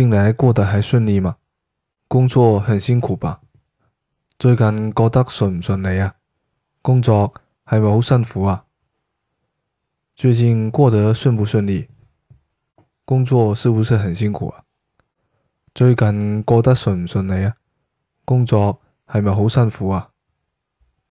近來過得還順利嗎？工作很辛苦吧？最近過得順唔順利啊？工作係咪好辛苦啊？最近過得順唔順利？工作是不是很辛苦啊？最近過得順唔順利啊？工作係咪好辛苦啊？